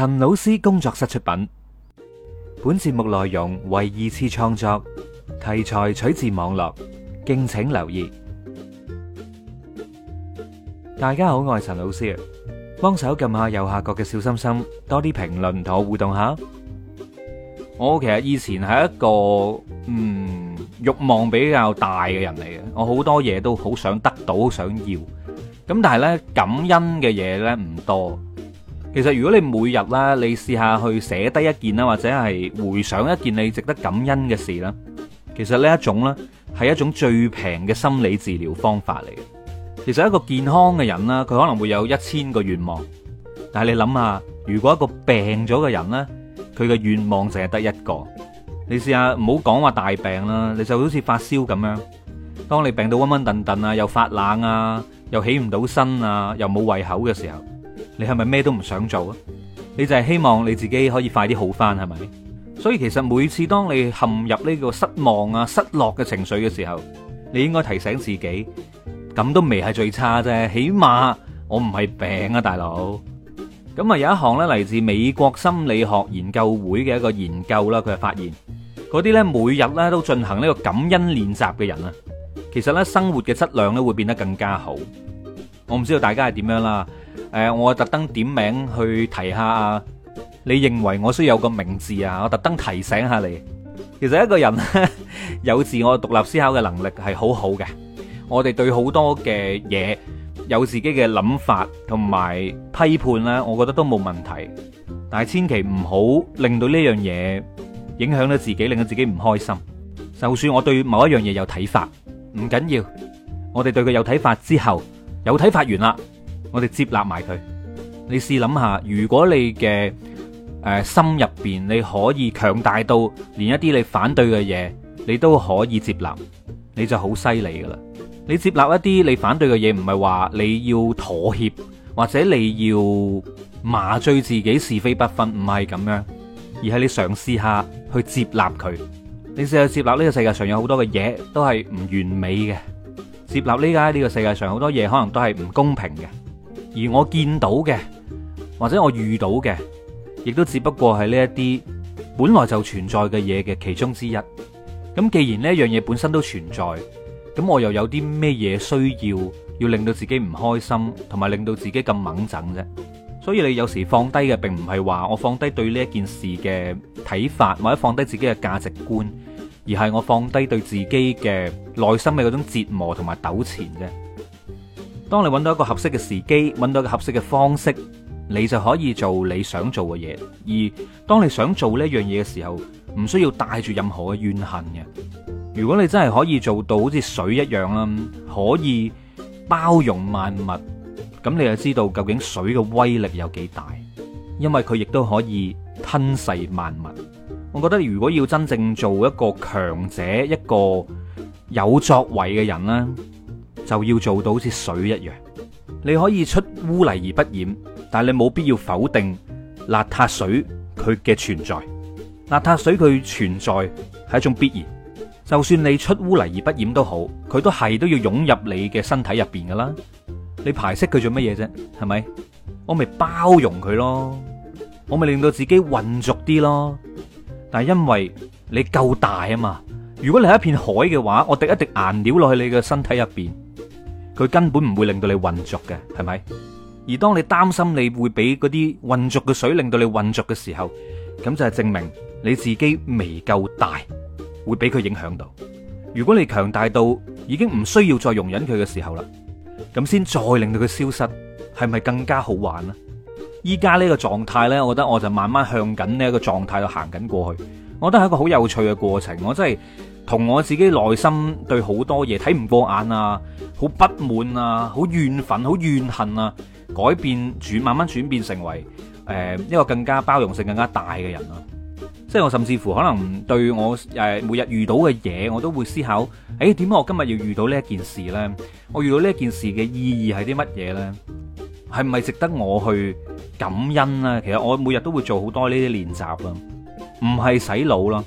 陳老師工作室出品，本節目內容為二次創作，題材取自網絡，敬請留意。大家好，我係陳老師，幫手撳下右下角嘅小心心，多啲評論同我互動下。我其實以前係一個嗯欲望比較大嘅人嚟嘅，我好多嘢都好想得到，好想要，咁但係咧，感恩嘅嘢咧唔多。其實如果你每日咧，你試下去寫低一件啦，或者係回想一件你值得感恩嘅事啦，其實呢一種咧係一種最平嘅心理治療方法嚟嘅。其實一個健康嘅人啦，佢可能會有一千個願望，但係你諗下，如果一個病咗嘅人咧，佢嘅願望淨係得一個。你試下唔好講話大病啦，你就好似發燒咁樣，當你病到昏昏沌沌啊，又發冷啊，又起唔到身啊，又冇胃口嘅時候。你係咪咩都唔想做啊？你就係希望你自己可以快啲好翻，係咪？所以其實每次當你陷入呢個失望啊、失落嘅情緒嘅時候，你應該提醒自己，咁都未係最差啫。起碼我唔係病啊，大佬。咁啊，有一項呢，嚟自美國心理學研究會嘅一個研究啦，佢就發現，嗰啲呢，每日呢都進行呢個感恩練習嘅人啊，其實呢生活嘅質量呢會變得更加好。我唔知道大家係點樣啦。誒，我特登點名去提下，你認為我需要有個名字啊？我特登提醒下你，其實一個人有自我獨立思考嘅能力係好好嘅。我哋對好多嘅嘢有自己嘅諗法同埋批判咧，我覺得都冇問題。但係千祈唔好令到呢樣嘢影響到自己，令到自己唔開心。就算我對某一樣嘢有睇法，唔緊要。我哋對佢有睇法之後，有睇法完啦。我哋接納埋佢。你試諗下，如果你嘅、誒、呃、心入邊，你可以強大到連一啲你反對嘅嘢，你都可以接納，你就好犀利噶啦。你接納一啲你反對嘅嘢，唔係話你要妥協，或者你要麻醉自己是非不分，唔係咁樣，而係你嘗試下去接納佢。你試下接納呢個世界上有好多嘅嘢都係唔完美嘅，接納呢家呢個世界上好多嘢可能都係唔公平嘅。而我見到嘅，或者我遇到嘅，亦都只不過係呢一啲本來就存在嘅嘢嘅其中之一。咁既然呢一樣嘢本身都存在，咁我又有啲咩嘢需要要令到自己唔開心，同埋令到自己咁矇憎啫？所以你有時放低嘅並唔係話我放低對呢一件事嘅睇法，或者放低自己嘅價值觀，而係我放低對自己嘅內心嘅嗰種折磨同埋糾纏啫。當你揾到一個合適嘅時機，揾到一個合適嘅方式，你就可以做你想做嘅嘢。而當你想做呢樣嘢嘅時候，唔需要帶住任何嘅怨恨嘅。如果你真係可以做到好似水一樣啦，可以包容萬物，咁你就知道究竟水嘅威力有幾大，因為佢亦都可以吞噬萬物。我覺得如果要真正做一個強者，一個有作為嘅人咧，就要做到好似水一樣，你可以出污泥而不染，但係你冇必要否定邋遢水佢嘅存在。邋遢水佢存在係一種必然，就算你出污泥而不染都好，佢都係都要湧入你嘅身體入邊噶啦。你排斥佢做乜嘢啫？係咪？我咪包容佢咯，我咪令到自己混濁啲咯。但係因為你夠大啊嘛，如果你係一片海嘅話，我滴一滴顏料落去你嘅身體入邊。佢根本唔會令到你渾濁嘅，係咪？而當你擔心你會俾嗰啲渾濁嘅水令到你渾濁嘅時候，咁就係證明你自己未夠大，會俾佢影響到。如果你強大到已經唔需要再容忍佢嘅時候啦，咁先再令到佢消失，係咪更加好玩咧？依家呢個狀態呢，我覺得我就慢慢向緊呢一個狀態度行緊過去。我覺得係一個好有趣嘅過程，我真係同我自己內心對好多嘢睇唔過眼啊，好不滿啊，好怨憤、好怨恨啊，改變轉慢慢轉變成為誒一個更加包容性、更加大嘅人啊。即係我甚至乎可能對我誒每日遇到嘅嘢，我都會思考：誒、哎，「點解我今日要遇到呢一件事呢？我遇到呢一件事嘅意義係啲乜嘢呢？係咪值得我去感恩呢？」其實我每日都會做好多呢啲練習啊。唔係洗腦咯，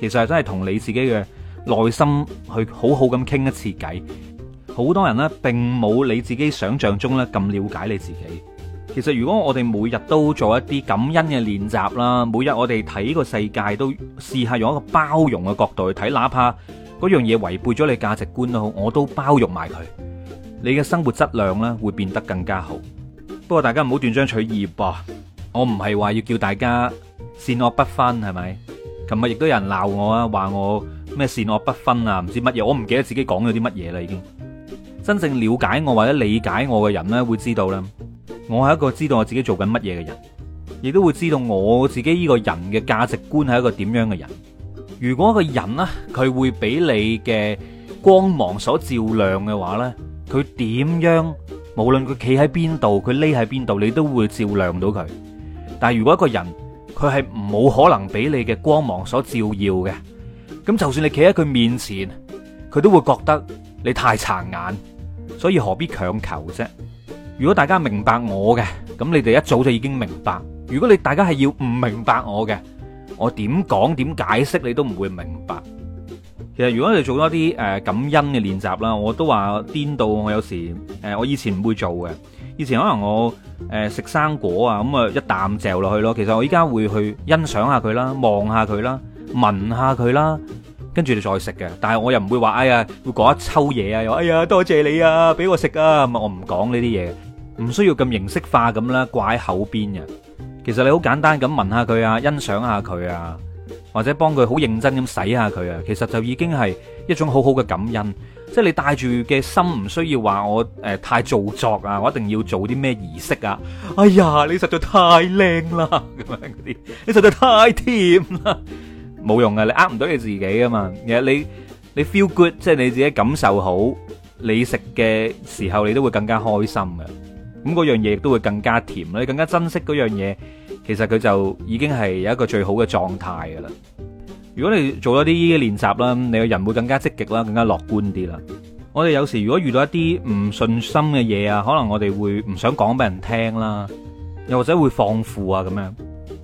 其實係真係同你自己嘅內心去好好咁傾一次偈。好多人呢，並冇你自己想象中呢咁了解你自己。其實如果我哋每日都做一啲感恩嘅練習啦，每日我哋睇個世界都試下用一個包容嘅角度去睇，哪怕嗰樣嘢違背咗你價值觀都好，我都包容埋佢。你嘅生活質量呢，會變得更加好。不過大家唔好斷章取義噃，我唔係話要叫大家。善惡不分係咪？琴日亦都有人鬧我啊，話我咩善惡不分啊，唔知乜嘢，我唔記得自己講咗啲乜嘢啦已經。真正了解我或者理解我嘅人呢，會知道啦。我係一個知道我自己做緊乜嘢嘅人，亦都會知道我自己呢個人嘅價值觀係一個點樣嘅人。如果一個人呢，佢會俾你嘅光芒所照亮嘅話呢，佢點樣，無論佢企喺邊度，佢匿喺邊度，你都會照亮到佢。但係如果一個人，佢係冇可能俾你嘅光芒所照耀嘅，咁就算你企喺佢面前，佢都會覺得你太殘眼，所以何必強求啫？如果大家明白我嘅，咁你哋一早就已經明白。如果你大家係要唔明白我嘅，我點講點解釋你都唔會明白。其實如果你哋做多啲誒感恩嘅練習啦，我都話顛到我有時誒我以前唔會做嘅。以前可能我誒食生果啊，咁啊一啖嚼落去咯。其實我依家會去欣賞下佢啦，望下佢啦，聞下佢啦，跟住你再食嘅。但係我又唔會話哎呀，會講一抽嘢啊，又哎呀多謝你啊，俾我食啊，我唔講呢啲嘢，唔需要咁形式化咁啦，掛喺口邊嘅。其實你好簡單咁聞下佢啊，欣賞下佢啊，或者幫佢好認真咁洗下佢啊，其實就已經係一種好好嘅感恩。即係你帶住嘅心唔需要話我誒太做作啊，我一定要做啲咩儀式啊？哎呀，你實在太靚啦，咁樣嗰啲，你實在太甜啦，冇用呀，你呃唔到你自己噶嘛。而係你你 feel good，即係你自己感受好，你食嘅時候你都會更加開心嘅，咁嗰樣嘢亦都會更加甜啦，你更加珍惜嗰樣嘢，其實佢就已經係有一個最好嘅狀態㗎啦。如果你做咗啲練習啦，你個人會更加積極啦，更加樂觀啲啦。我哋有時如果遇到一啲唔順心嘅嘢啊，可能我哋會唔想講俾人聽啦，又或者會放負啊咁樣。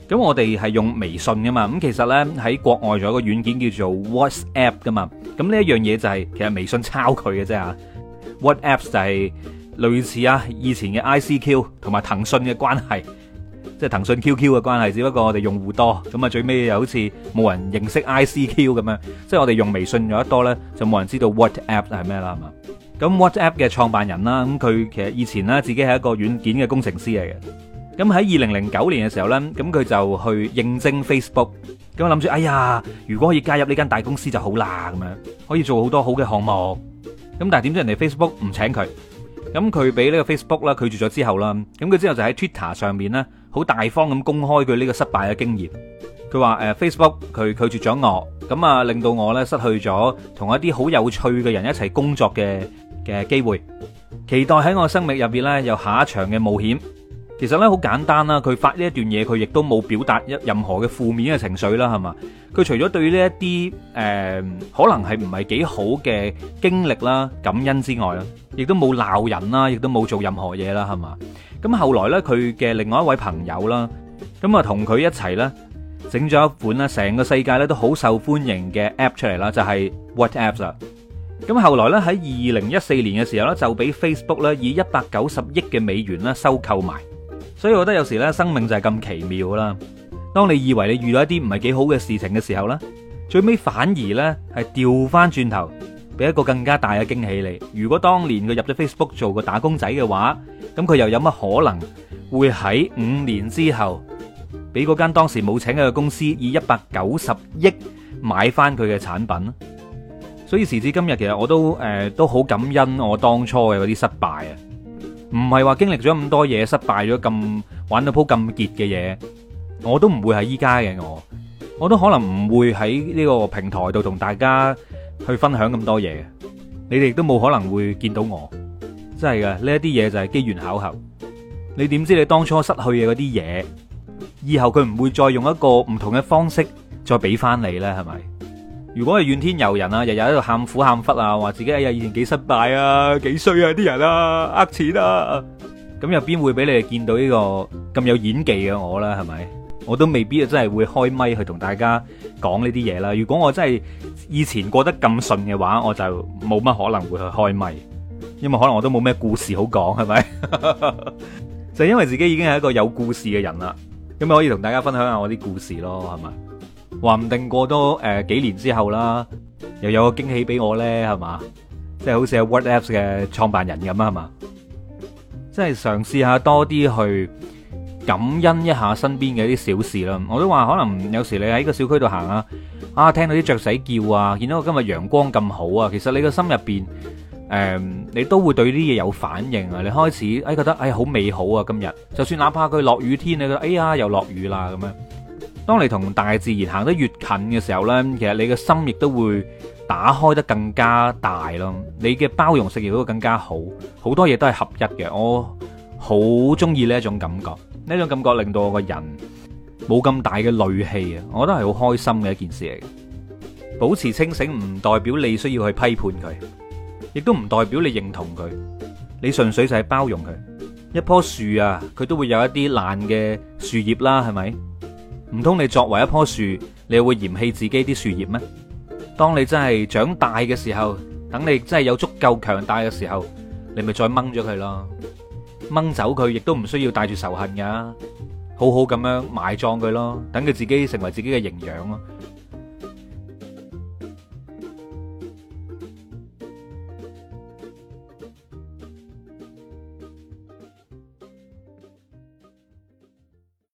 咁我哋係用微信噶嘛，咁其實呢，喺國外仲有個軟件叫做 WhatsApp 噶嘛。咁呢一樣嘢就係、是、其實微信抄佢嘅啫 WhatsApp 就係類似啊以前嘅 ICQ 同埋騰訊嘅關係。即係騰訊 QQ 嘅關係，只不過我哋用戶多，咁啊最尾又好似冇人認識 ICQ 咁樣，即係我哋用微信用得多咧，就冇人知道 WhatsApp 係咩啦，係嘛？咁 WhatsApp 嘅創辦人啦，咁佢其實以前咧自己係一個軟件嘅工程師嚟嘅，咁喺二零零九年嘅時候咧，咁佢就去應徵 Facebook，咁諗住哎呀，如果可以加入呢間大公司就好啦，咁樣可以做好多好嘅項目，咁但係點知人哋 Facebook 唔請佢，咁佢俾呢個 Facebook 咧拒絕咗之後啦，咁佢之後就喺 Twitter 上面咧。好大方咁公開佢呢個失敗嘅經驗，佢話誒 Facebook 佢拒絕咗我，咁啊令到我呢失去咗同一啲好有趣嘅人一齊工作嘅嘅機會，期待喺我生命入面呢，有下一場嘅冒險。其實咧好簡單啦，佢發呢一段嘢，佢亦都冇表達一任何嘅負面嘅情緒啦，係嘛？佢除咗對於呢一啲誒可能係唔係幾好嘅經歷啦、感恩之外啦，亦都冇鬧人啦，亦都冇做任何嘢啦，係嘛？咁後來咧，佢嘅另外一位朋友啦，咁啊同佢一齊咧整咗一款咧，成個世界咧都好受歡迎嘅 App 出嚟啦，就係 WhatsApp 啦。咁後來咧喺二零一四年嘅時候咧，就俾 Facebook 咧以一百九十億嘅美元啦收購埋。所以我覺得有時呢，生命就係咁奇妙啦。當你以為你遇到一啲唔係幾好嘅事情嘅時候呢，最尾反而呢係調翻轉頭，俾一個更加大嘅驚喜你。如果當年佢入咗 Facebook 做個打工仔嘅話，咁佢又有乜可能會喺五年之後，俾嗰間當時冇請嘅公司以一百九十億買翻佢嘅產品咧？所以時至今日，其實我都誒、呃、都好感恩我當初嘅嗰啲失敗啊！唔係話經歷咗咁多嘢，失敗咗咁玩到鋪咁結嘅嘢，我都唔會係依家嘅我，我都可能唔會喺呢個平台度同大家去分享咁多嘢，你哋都冇可能會見到我，真係㗎。呢一啲嘢就係機緣巧合，你點知你當初失去嘅嗰啲嘢，以後佢唔會再用一個唔同嘅方式再俾翻你呢，係咪？如果係怨天尤人啊，日日喺度喊苦喊忽啊，話自己哎呀以前幾失敗啊，幾衰啊，啲人啊，呃錢啊，咁又邊會俾你哋見到呢個咁有演技嘅我啦？係咪？我都未必真係會開咪去同大家講呢啲嘢啦。如果我真係以前過得咁順嘅話，我就冇乜可能會去開咪，因為可能我都冇咩故事好講，係咪？ 就因為自己已經係一個有故事嘅人啦，咁咪可以同大家分享下我啲故事咯，係咪？話唔定過多誒、呃、幾年之後啦，又有個驚喜俾我咧，係嘛？即係好似有 WhatsApp 嘅創辦人咁啊，係嘛？即係嘗試下多啲去感恩一下身邊嘅一啲小事啦。我都話可能有時你喺個小區度行啊，啊聽到啲雀仔叫啊，見到今日陽光咁好啊，其實你個心入邊誒，你都會對啲嘢有反應啊。你開始誒覺得誒好、哎、美好啊，今日就算哪怕佢落雨天，你覺得哎呀又落雨啦咁樣。當你同大自然行得越近嘅時候呢，其實你嘅心亦都會打開得更加大咯。你嘅包容性亦都會更加好，好多嘢都係合一嘅。我好中意呢一種感覺，呢種感覺令到我個人冇咁大嘅戾氣啊！我都係好開心嘅一件事嚟。保持清醒唔代表你需要去批判佢，亦都唔代表你認同佢，你純粹就係包容佢。一棵樹啊，佢都會有一啲爛嘅樹葉啦，係咪？唔通你作為一棵樹，你會嫌棄自己啲樹葉咩？當你真係長大嘅時候，等你真係有足夠強大嘅時候，你咪再掹咗佢咯，掹走佢亦都唔需要帶住仇恨㗎，好好咁樣埋葬佢咯，等佢自己成為自己嘅營養咯。